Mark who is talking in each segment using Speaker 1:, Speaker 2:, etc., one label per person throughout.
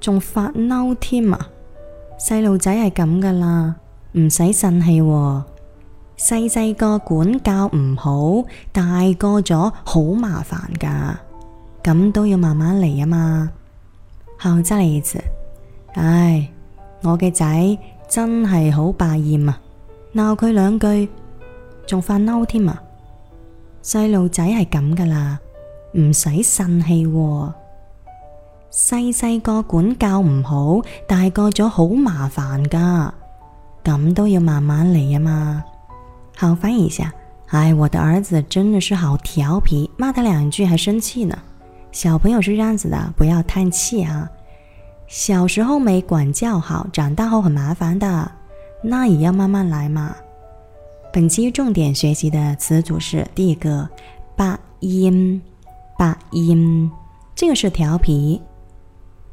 Speaker 1: 仲發嬲添啊！細路仔係咁噶啦，唔使呻氣。細細個管教唔好，大個咗好麻煩噶。咁都要慢慢嚟啊嘛。後真嚟子，唉，我嘅仔真係好百厭啊！鬧佢兩句，仲發嬲添啊！細路仔係咁噶啦，唔使呻氣。細細個管教唔好，大個咗好麻煩噶，咁都要慢慢嚟啊嘛。好，翻譯一下，哎，我的兒子真的是好調皮，罵他兩句還生氣呢。小朋友是這樣子的，不要嘆氣啊。小時候沒管教好，長大後很麻煩的，那也要慢慢來嘛。本期重點學習的詞組是第一個百厭，百厭，這個是調皮。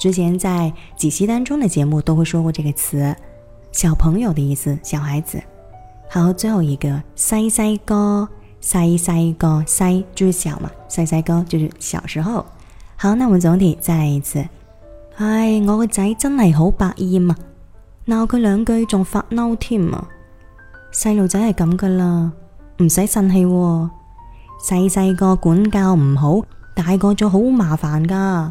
Speaker 1: 之前在幾期當中的節目都會說過這個詞，小朋友的意思，小孩子。好，最後一個，細細個，細細個，細就是小嘛，細細個就是小時候。好，那我們總體再來一次。哎，我個仔真係好百厭啊，鬧佢兩句仲發嬲添啊。細路仔係咁噶啦，唔使呻氣喎。細細個管教唔好，大個咗好麻煩噶。